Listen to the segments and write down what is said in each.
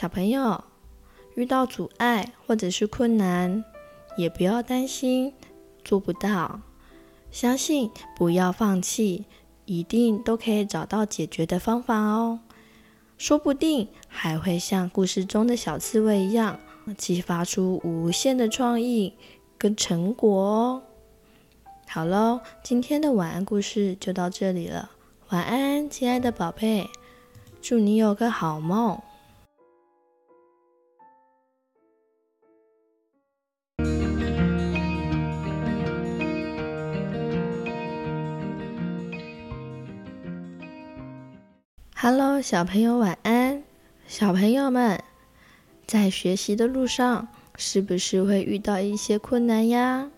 小朋友遇到阻礙或者是困難，也不要擔心做不到，相信不要放棄，一定都可以找到解決的方法哦。說不定還會像故事中的小刺蝟一樣，激發出無限的創意跟成果哦。好嘍，今天的晚安故事就到這裡了，晚安，親愛的寶貝，祝你有個好夢。哈嘍，小朋友晚安。小朋友們在學習的路上，是不是會遇到一些困難呀？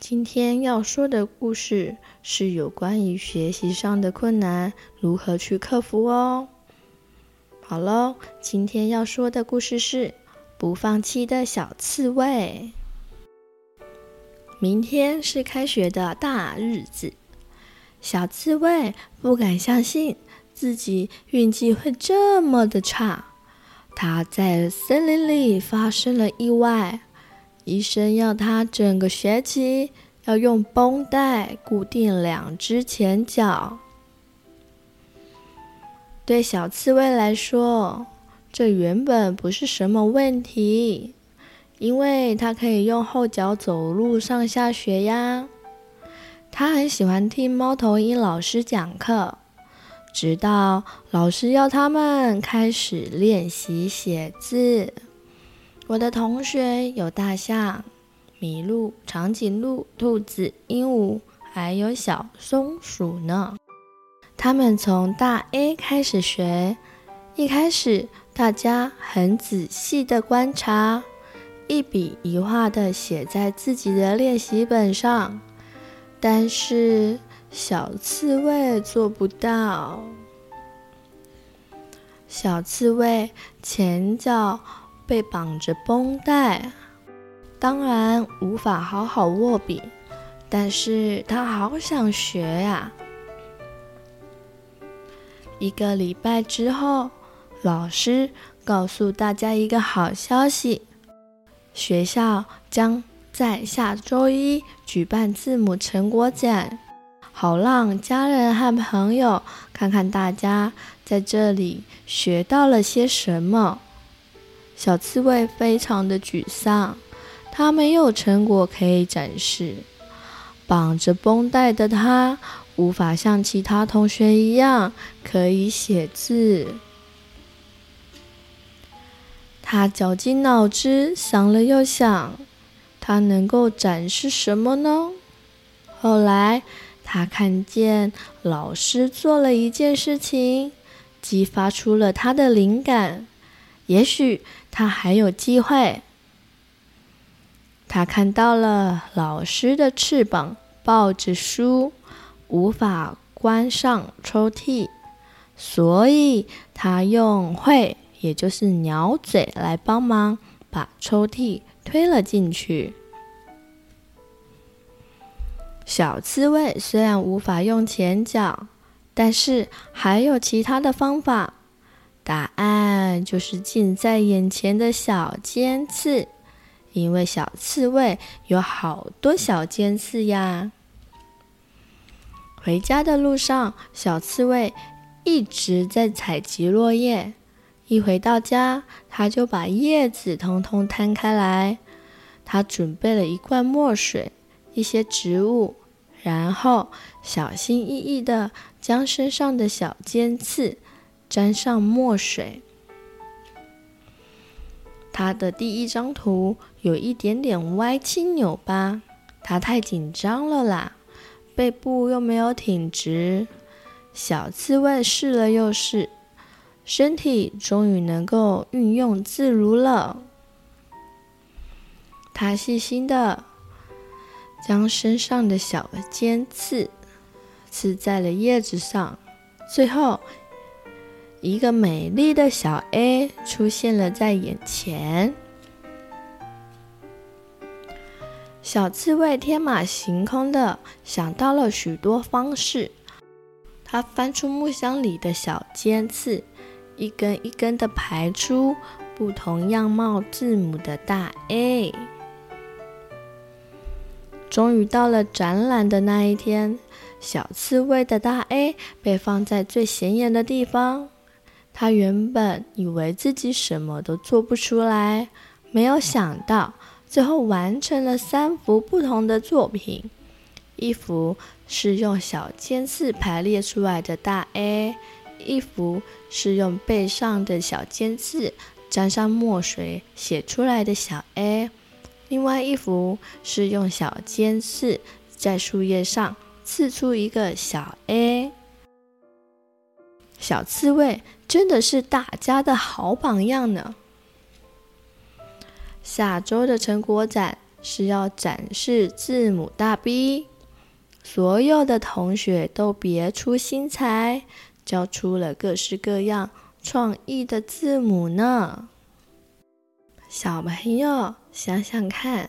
今天要說的故事是有關於學習上的困難如何去克服哦。好嘍，今天要說的故事是不放棄的小刺蝟。明天是開學的大日子，小刺蝟不敢相信，自己運氣會這麼的差，他在森林裡發生了意外，醫生要他整個學期要用繃帶固定兩隻前腳。對小刺蝟來說，這原本不是什麼問題，因為他可以用後腳走路上下學呀。他很喜歡聽貓頭鷹老師講課。直到老師要他們開始練習寫字。我的同學有大象、麋鹿、長頸鹿、兔子、鸚鵡，還有小松鼠呢。他們從大 A 開始學，一開始，大家很仔細地觀察，一筆一畫地寫在自己的練習本上。但是，小刺蝟做不到。小刺蝟前腳被綁着繃帶，當然無法好好握筆，但是他好想學呀、啊。一個禮拜之後，老師告訴大家一個好消息：學校將在下週一舉辦字母成果展。好讓家人和朋友看看大家在這裡學到了些什麼。小刺蝟非常的沮喪，他沒有成果可以展示。綁着繃帶的他，無法像其他同學一樣可以寫字。他絞盡腦汁想了又想，他能夠展示什麼呢？後來。他看見老師做了一件事情，激發出了他的靈感。也許他還有機會。他看到了老師的翅膀抱着書，無法關上抽屜，所以他用喙，也就是鳥嘴來幫忙，把抽屜推了進去。小刺蝟雖然無法用前腳，但是還有其他的方法。答案就是近在眼前的小尖刺，因為小刺蝟有好多小尖刺呀。回家的路上，小刺蝟一直在採集落葉。一回到家，他就把葉子通通攤開來，他準備了一罐墨水。一些植物，然後小心翼翼的將身上的小尖刺沾上墨水。他的第一張圖有一點點歪七扭八，他太緊張了啦，背部又沒有挺直。小刺蝟試了又試，身體終於能夠運用自如了。他細心的將身上的小尖刺刺在了葉子上，最後一個美麗的小 A 出現了在眼前。小刺蝟天馬行空的想到了許多方式，它翻出木箱裡的小尖刺，一根一根的排出不同樣貌字母的大 A。終於到了展覽的那一天，小刺蝟的大 A 被放在最顯眼的地方。他原本以為自己什麼都做不出來，沒有想到最後完成了三幅不同的作品：一幅是用小尖刺排列出來的大 A，一幅是用背上的小尖刺沾上墨水寫出來的小 a。另外一幅是用小尖刺在樹葉上刺出一個小 a，小刺蝟真的是大家的好榜樣呢。下週的成果展是要展示字母大 B，所有的同學都別出心裁，交出了各式各樣創意的字母呢。小朋友。想想看，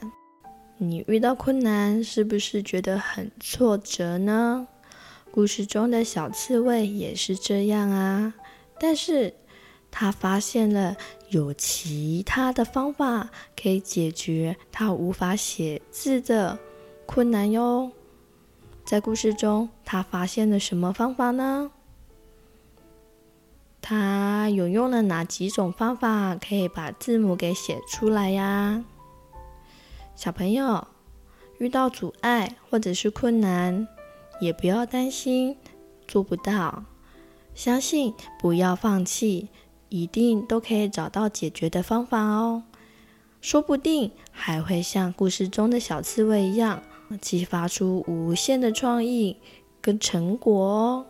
你遇到困難是不是覺得很挫折呢？故事中的小刺蝟也是這樣啊，但是他發現了有其他的方法可以解決他無法寫字的困難喲。在故事中，他發現了什麼方法呢？他有用了哪幾種方法可以把字母給寫出來呀？小朋友遇到阻礙或者是困難，也不要擔心做不到，相信不要放棄，一定都可以找到解決的方法哦。說不定還會像故事中的小刺蝟一樣，激發出無限的創意跟成果哦。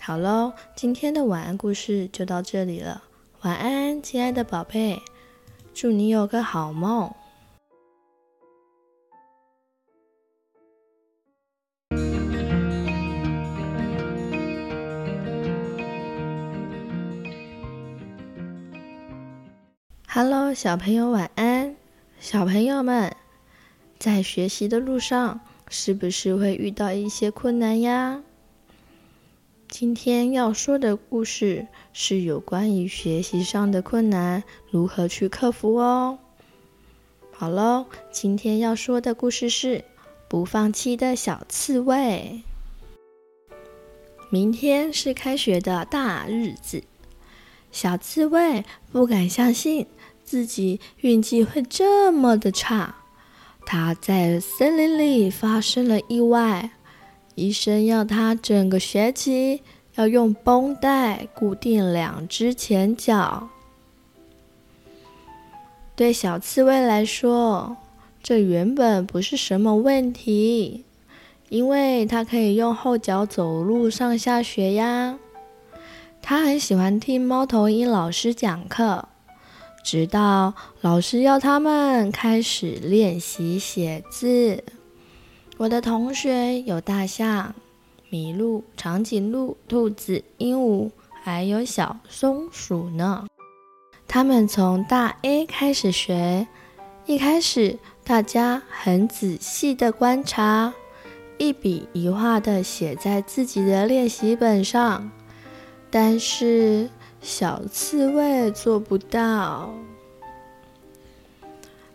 好嘍，今天的晚安故事就到這裡了。晚安，親愛的寶貝，祝你有個好夢。Hello，小朋友晚安。小朋友們，在學習的路上，是不是會遇到一些困難呀？今天要說的故事是有關於學習上的困難，如何去克服哦。好嘍，今天要說的故事是不放棄的小刺猬。明天是開學的大日子，小刺蝟不敢相信。自己運氣會這麼的差，他在森林裡發生了意外，醫生要他整個學期要用繃帶固定兩隻前腳。對小刺蝟來說，這原本不是什麼問題，因為他可以用後腳走路上下學呀。他很喜歡聽貓頭鷹老師講課。直到老師要他們開始練習寫字，我的同學有大象、麋鹿、長頸鹿、兔子、鸚鵡，還有小松鼠呢。他們從大 A 開始學，一開始大家很仔細地觀察，一筆一畫地寫在自己的練習本上，但是。小刺蝟做不到。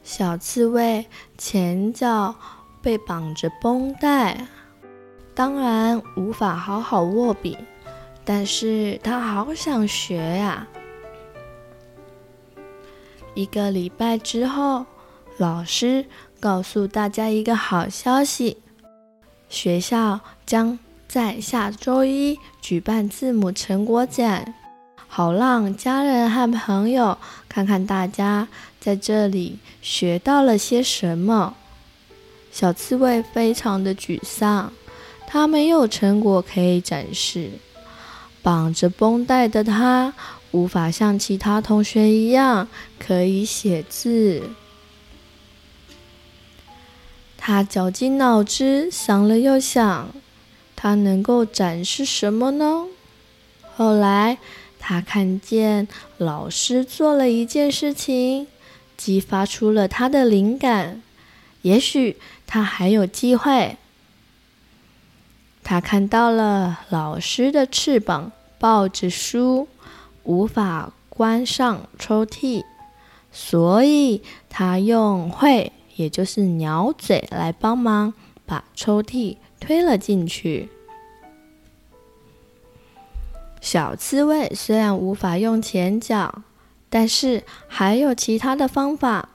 小刺蝟前腳被綁着繃帶，當然無法好好握筆，但是他好想學呀、啊。一個禮拜之後，老師告訴大家一個好消息：學校將在下週一舉辦字母成果展。好讓家人和朋友看看大家在這裡學到了些什麼。小刺蝟非常的沮喪，他沒有成果可以展示。綁着繃帶的他，無法像其他同學一樣可以寫字。他絞盡腦汁想了又想，他能夠展示什麼呢？後來。他看見老師做了一件事情，激發出了他的靈感。也許他還有機會。他看到了老師的翅膀抱着書，無法關上抽屜，所以他用喙，也就是鳥嘴來幫忙，把抽屜推了進去。小刺蝟雖然無法用前腳，但是還有其他的方法。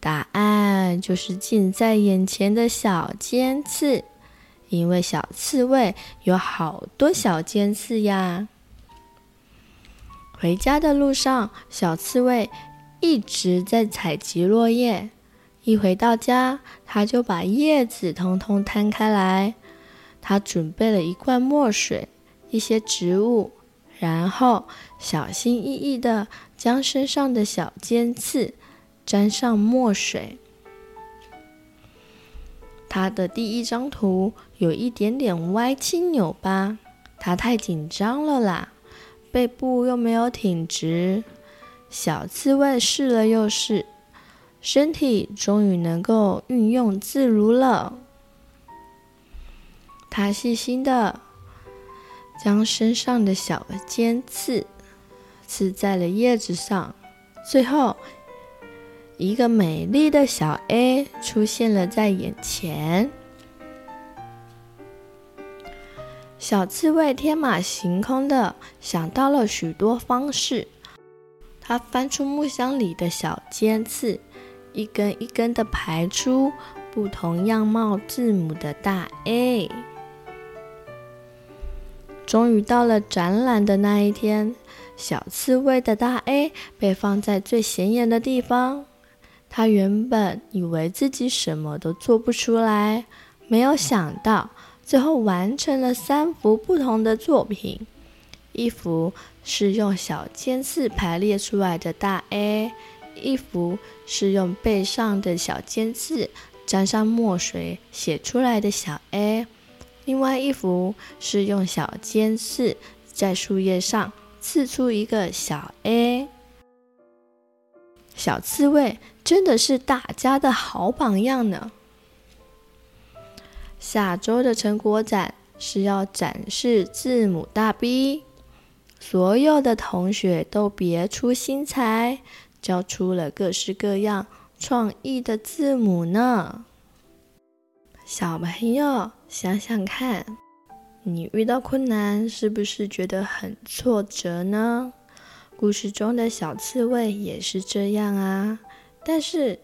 答案就是近在眼前的小尖刺，因為小刺蝟有好多小尖刺呀。回家的路上，小刺蝟一直在採集落葉。一回到家，他就把葉子通通攤開來，他準備了一罐墨水。一些植物，然後小心翼翼的將身上的小尖刺沾上墨水。他的第一張圖有一點點歪七扭八，他太緊張了啦，背部又沒有挺直。小刺猬試了又試，身體終於能夠運用自如了。他細心的。將身上的小尖刺刺在了葉子上，最後一個美麗的小 A 出現了在眼前。小刺蝟天馬行空的想到了許多方式，它翻出木箱裡的小尖刺，一根一根的排出不同樣貌字母的大 A。終於到了展覽的那一天，小刺蝟的大 A 被放在最顯眼的地方。他原本以為自己什麼都做不出來，沒有想到最後完成了三幅不同的作品：一幅是用小尖刺排列出來的大 A，一幅是用背上的小尖刺沾上墨水寫出來的小 a。另外一幅是用小尖刺在樹葉上刺出一個小 a，小刺蝟真的是大家的好榜樣呢。下周的成果展是要展示字母大 B，所有的同學都別出心裁，交出了各式各樣創意的字母呢。小朋友，想想看，你遇到困難是不是覺得很挫折呢？故事中的小刺蝟也是這樣啊，但是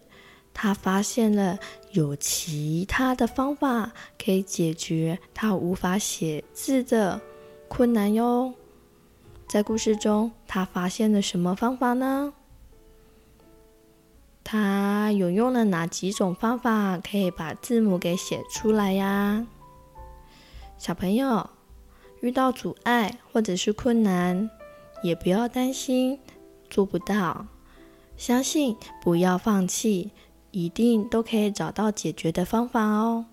他發現了有其他的方法可以解決他無法寫字的困難喲。在故事中，他發現了什麼方法呢？他有用了哪幾種方法可以把字母給寫出來呀？小朋友遇到阻礙或者是困難，也不要擔心做不到，相信不要放棄，一定都可以找到解決的方法哦。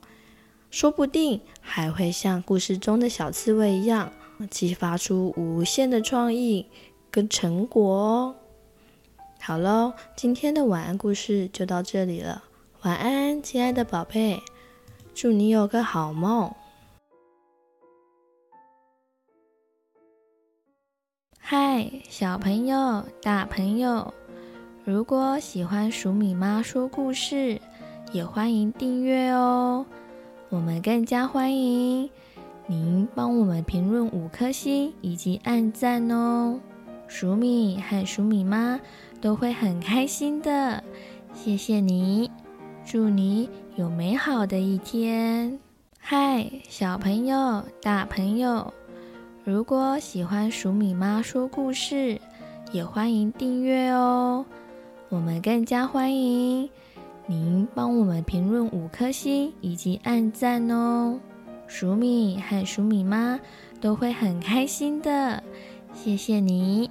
說不定還會像故事中的小刺蝟一樣，激發出無限的創意跟成果哦。好嘍，今天的晚安故事就到這裡了。晚安，親愛的寶貝，祝你有個好夢。嗨，小朋友、大朋友，如果喜歡黍米媽說故事，也歡迎訂閱哦。我們更加歡迎您幫我們評論五顆星以及按讚哦。黍米和黍米媽。都會很開心的，謝謝你，祝你有美好的一天。嗨，小朋友、大朋友，如果喜歡黍米媽說故事，也歡迎訂閱哦。我們更加歡迎您幫我們評論五顆星以及按讚哦，黍米和黍米媽都會很開心的，謝謝你。